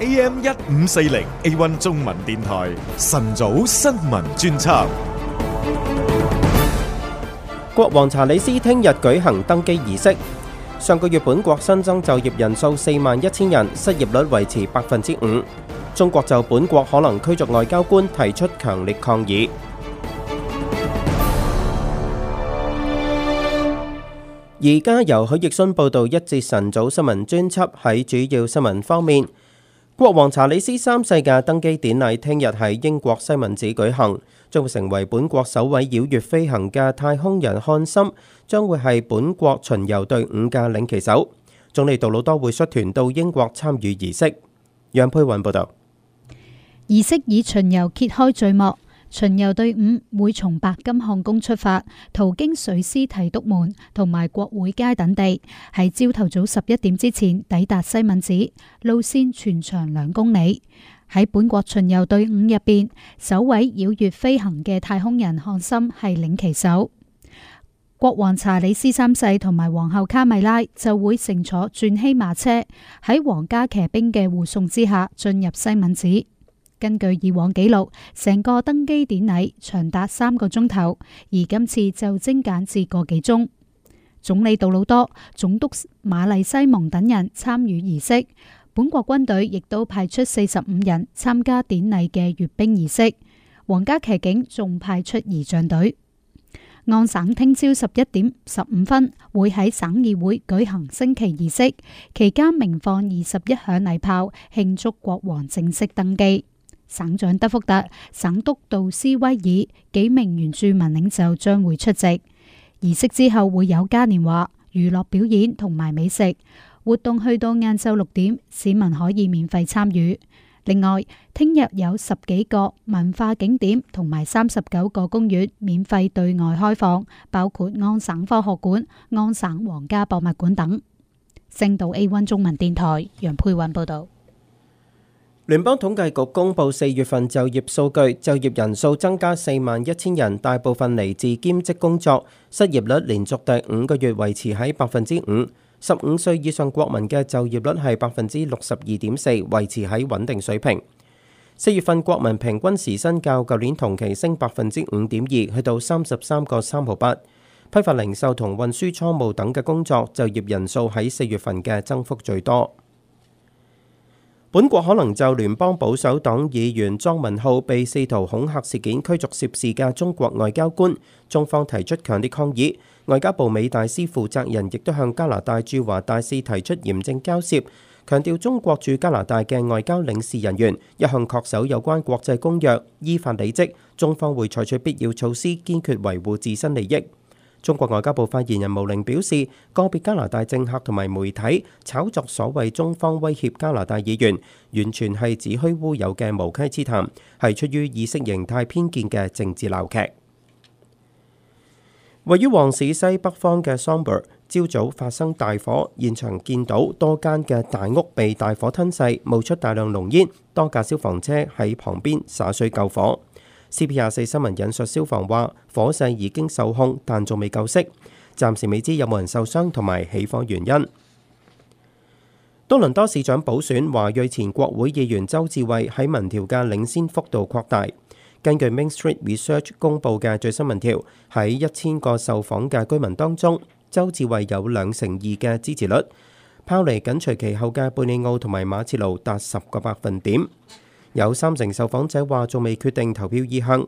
AM 一五四零 A One 中文電台晨早新聞專輯。國王查理斯聽日舉行登基儀式。上個月本國新增就業人數四萬一千人，失業率維持百分之五。中國就本國可能驅逐外交官提出強烈抗議。而家由許奕迅報道一節晨早新聞專輯。喺主要新聞方面。國王查理斯三世嘅登基典禮聽日喺英國西敏寺舉行，將會成為本國首位繞月飛行嘅太空人漢森將會係本國巡遊隊伍嘅領旗手。總理杜魯多會率團到英國參與儀式。楊佩韻報道。儀式以巡遊揭開序幕。巡遊隊伍會從白金漢宮出發，途經水師提督門同埋國會街等地，喺朝頭早十一點之前抵達西敏寺。路線全長兩公里。喺本國巡遊隊伍入邊，首位繞月飛行嘅太空人漢森係領旗手。國王查理斯三世同埋皇后卡米拉就會乘坐鑽禧馬車，喺皇家騎兵嘅護送之下進入西敏寺。根據以往記錄，成個登基典禮長達三個鐘頭，而今次就精簡至個幾鐘。總理杜魯多、總督瑪麗西蒙等人參與儀式，本國軍隊亦都派出四十五人參加典禮嘅閱兵儀式。皇家騎警仲派出儀仗隊。安省聽朝十一點十五分會喺省議會舉行升旗儀式，期間鳴放二十一響禮炮，慶祝國王正式登基。省長德福特、省督道斯威爾、幾名原住民領袖將會出席儀式，之後會有嘉年華、娛樂表演同埋美食活動，去到晏晝六點，市民可以免費參與。另外，聽日有十幾個文化景點同埋三十九個公園免費對外開放，包括安省科學館、安省皇家博物館等。星島 A1 中文電台楊佩韻報道。聯邦統計局公布四月份就業數據，就業人數增加四萬一千人，大部分嚟自兼職工作。失業率連續第五個月維持喺百分之五，十五歲以上國民嘅就業率係百分之六十二點四，維持喺穩定水平。四月份國民平均時薪較舊年同期升百分之五點二，去到三十三個三毫八。批發零售同運輸倉務等嘅工作就業人數喺四月份嘅增幅最多。本國可能就聯邦保守黨議員莊文浩被試圖恐嚇事件驅逐涉事嘅中國外交官，中方提出強烈抗議。外交部美大使負責人亦都向加拿大駐華大使提出嚴正交涉，強調中國駐加拿大嘅外交領事人員一向恪守有關國際公約，依法履職。中方會採取必要措施，堅決維護自身利益。中國外交部發言人毛寧表示，個別加拿大政客同埋媒體炒作所謂中方威脅加拿大議員，完全係子虛烏有嘅無稽之談，係出於意識形態偏見嘅政治鬧劇。位於旺市西北方嘅 Somber 朝早發生大火，現場見到多間嘅大屋被大火吞噬，冒出大量濃煙，多架消防車喺旁邊灑水救火。CP24 新聞引述消防話，火勢已經受控，但仲未救熄。暫時未知有冇人受傷同埋起火原因。多倫多市長補選，華裔前國會議員鄒至蕙喺民調嘅領先幅度擴大。根據 Main Street Research 公佈嘅最新民調，喺一千個受訪嘅居民當中，鄒至蕙有兩成二嘅支持率，拋離緊隨其後嘅貝利奧同埋馬切魯達十個百分點。有三成受訪者話仲未決定投票意向。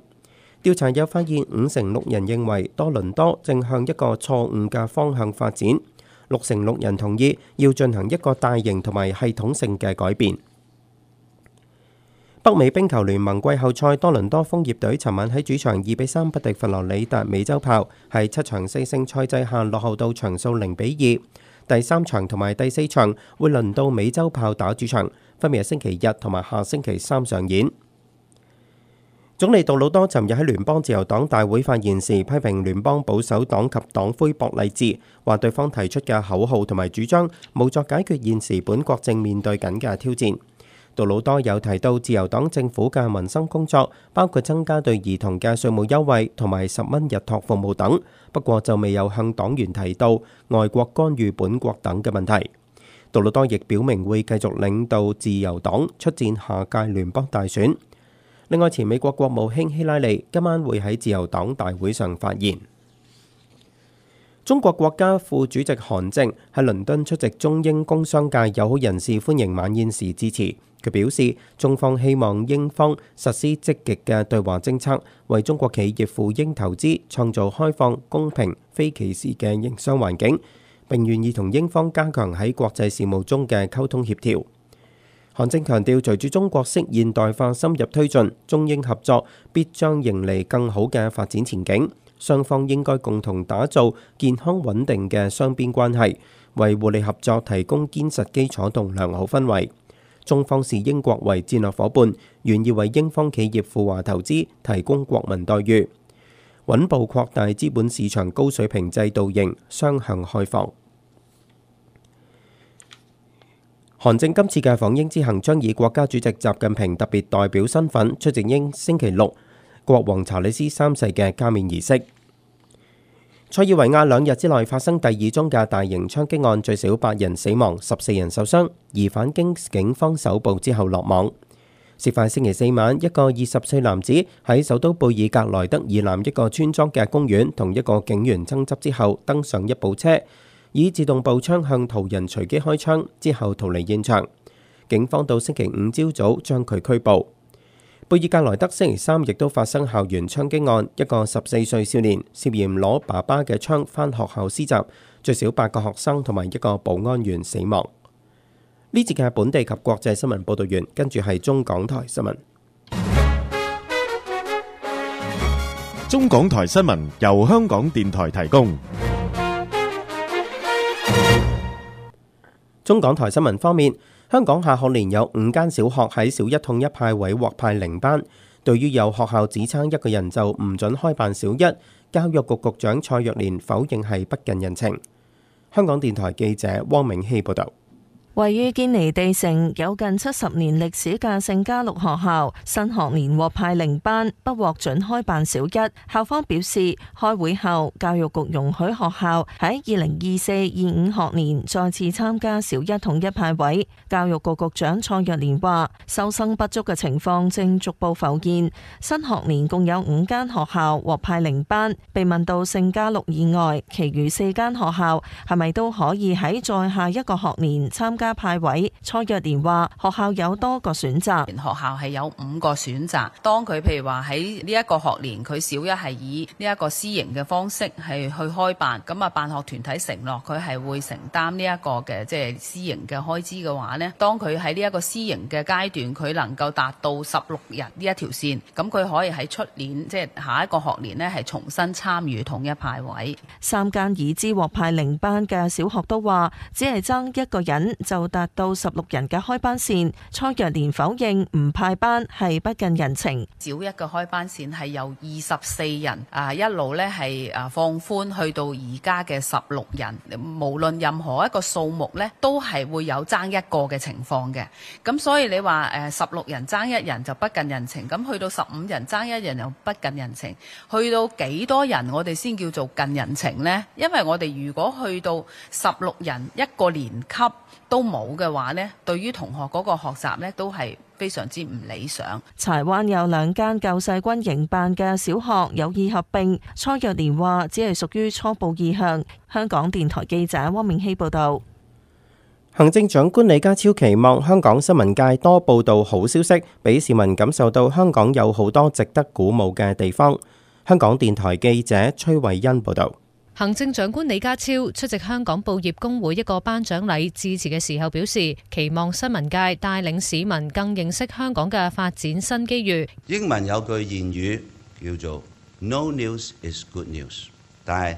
調查又發現五成六人認為多倫多正向一個錯誤嘅方向發展，六成六人同意要進行一個大型同埋系統性嘅改變。北美冰球聯盟季後賽多倫多楓葉隊尋晚喺主場二比三不敵佛羅里達美洲豹，喺七場四勝賽制下落後到場數零比二。第三場同埋第四場會輪到美洲豹打主場。分別喺星期日同埋下星期三上演。總理杜魯多尋日喺聯邦自由黨大會發言時，批評聯邦保守黨及黨魁博勵治，話對方提出嘅口號同埋主張，無作解決現時本國正面對緊嘅挑戰。杜魯多有提到自由黨政府嘅民生工作，包括增加對兒童嘅稅務優惠同埋十蚊日託服務等，不過就未有向黨員提到外國干預本國等嘅問題。杜魯多亦表明會繼續領導自由黨出戰下屆聯邦大選。另外，前美國國務卿希拉里今晚會喺自由黨大會上發言。中國國家副主席韓正喺倫敦出席中英工商界友好人士歡迎晚宴時致辭，佢表示中方希望英方實施積極嘅對華政策，為中國企業赴英投資創造開放、公平、非歧視嘅營商環境。並願意同英方加強喺國際事務中嘅溝通協調。韓正強調，隨住中國式現代化深入推進，中英合作必將迎嚟更好嘅發展前景。雙方應該共同打造健康穩定嘅雙邊關係，為互利合作提供堅實基礎同良好氛圍。中方視英國為戰略伙伴，願意為英方企業赴華投資，提供國民待遇。穩步擴大資本市場高水平制度型雙向開放。韓正今次嘅訪英之行將以國家主席習近平特別代表身份出席英星期六國王查理斯三世嘅加冕儀式。塞爾維亞兩日之內發生第二宗嘅大型槍擊案，最少八人死亡，十四人受傷，疑犯經警方搜捕之後落網。事發星期四晚，一個二十歲男子喺首都貝爾格萊德以南一個村莊嘅公園，同一個警員爭執之後，登上一部車，以自動步槍向途人隨機開槍，之後逃離現場。警方到星期五朝早將佢拘捕。貝爾格萊德星期三亦都發生校園槍擊案，一個十四歲少年涉嫌攞爸爸嘅槍返學校施襲，最少八個學生同埋一個保安員死亡。呢節嘅本地及國際新聞報道完，跟住係中港台新聞。中港台新聞由香港電台提供。中港台新聞方面，香港下學年有五間小學喺小一統一派位獲派零班。對於有學校只差一個人就唔准開辦小一，教育局局長蔡若蓮否認係不近人情。香港電台記者汪明希報道。位於堅尼地城有近七十年歷史嘅聖加祿學校新學年獲派零班，不獲准開辦小一。校方表示，開會後教育局容許學校喺二零二四二五學年再次參加小一統一派位。教育局局長蔡若蓮話，收生不足嘅情況正逐步浮現。新學年共有五間學校獲派零班。被問到聖加祿以外，其餘四間學校係咪都可以喺再下一個學年參加？家派位，蔡若蓮話學校有多個選擇，學校係有五個選擇。當佢譬如話喺呢一個學年，佢小一係以呢一個私營嘅方式係去開辦，咁啊辦學團體承諾佢係會承擔呢一個嘅即係私營嘅開支嘅話呢，當佢喺呢一個私營嘅階段，佢能夠達到十六日呢一條線，咁佢可以喺出年即係、就是、下一個學年呢係重新參與統一派位。三間已知獲派零班嘅小學都話，只係爭一個人。就達到十六人嘅開班線，蔡若蓮否認唔派班係不近人情。少一個開班線係由二十四人，啊一路呢係啊放寬去到而家嘅十六人，無論任何一個數目呢，都係會有爭一個嘅情況嘅。咁所以你話誒十六人爭一人就不近人情，咁去到十五人爭一人又不近人情，去到幾多人我哋先叫做近人情呢？因為我哋如果去到十六人一個年級都冇嘅話咧，對於同學嗰個學習咧，都係非常之唔理想。柴灣有兩間救世軍營辦嘅小學有意合併，初若年話只係屬於初步意向。香港電台記者汪明希報道。行政長官李家超期望香港新聞界多報道好消息，俾市民感受到香港有好多值得鼓舞嘅地方。香港電台記者崔慧欣報道。行政長官李家超出席香港報業公會一個頒獎禮致辭嘅時候表示，期望新聞界帶領市民更認識香港嘅發展新機遇。英文有句諺語叫做 “No news is good news”，但係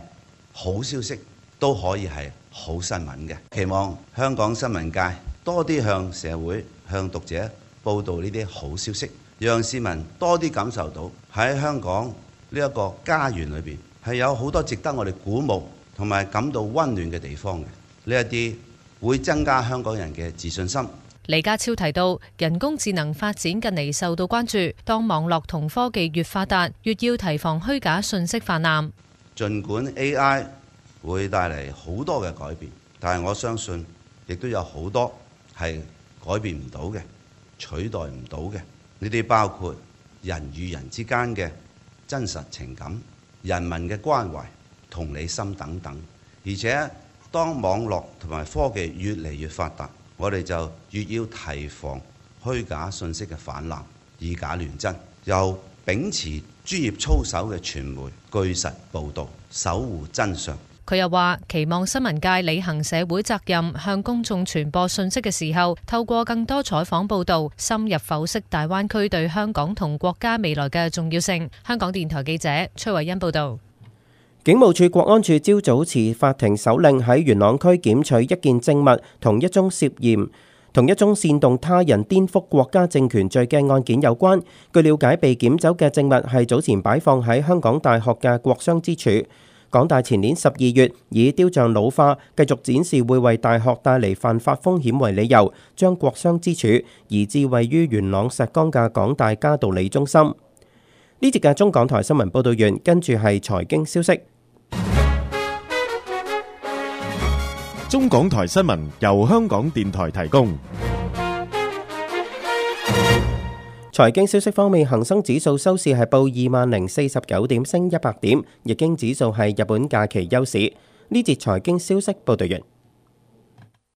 好消息都可以係好新聞嘅。期望香港新聞界多啲向社會向讀者報導呢啲好消息，讓市民多啲感受到喺香港呢一個家園裏邊。係有好多值得我哋鼓舞同埋感到溫暖嘅地方嘅。呢一啲會增加香港人嘅自信心。李家超提到人工智能發展近嚟受到關注，當網絡同科技越發達，越要提防虛假信息泛濫。儘管 AI 會帶嚟好多嘅改變，但係我相信亦都有好多係改變唔到嘅、取代唔到嘅。呢啲包括人與人之間嘅真實情感。人民嘅關懷、同理心等等，而且當網絡同埋科技越嚟越發達，我哋就越要提防虛假信息嘅氾濫、以假亂真，又秉持專業操守嘅傳媒據實報導，守護真相。佢又話：期望新聞界履行社會責任，向公眾傳播信息嘅時候，透過更多採訪報導，深入剖析大灣區對香港同國家未來嘅重要性。香港電台記者崔慧欣報道，警務處國安處朝早持法庭手令喺元朗區檢取一件證物，同一宗涉嫌同一宗煽動他人顛覆國家政權罪嘅案件有關。據了解，被檢走嘅證物係早前擺放喺香港大學嘅國殤之柱。港大前年十二月以雕像老化、繼續展示會為大學帶嚟犯法風險為理由，將國殤之柱移至位於元朗石崗嘅港大嘉道理中心。呢節嘅中港台新聞報道員，跟住係財經消息。中港台新聞由香港電台提供。財經消息方面，恆生指數收市係報二萬零四十九點，升一百點。日經指數係日本假期休市。呢節財經消息報道完。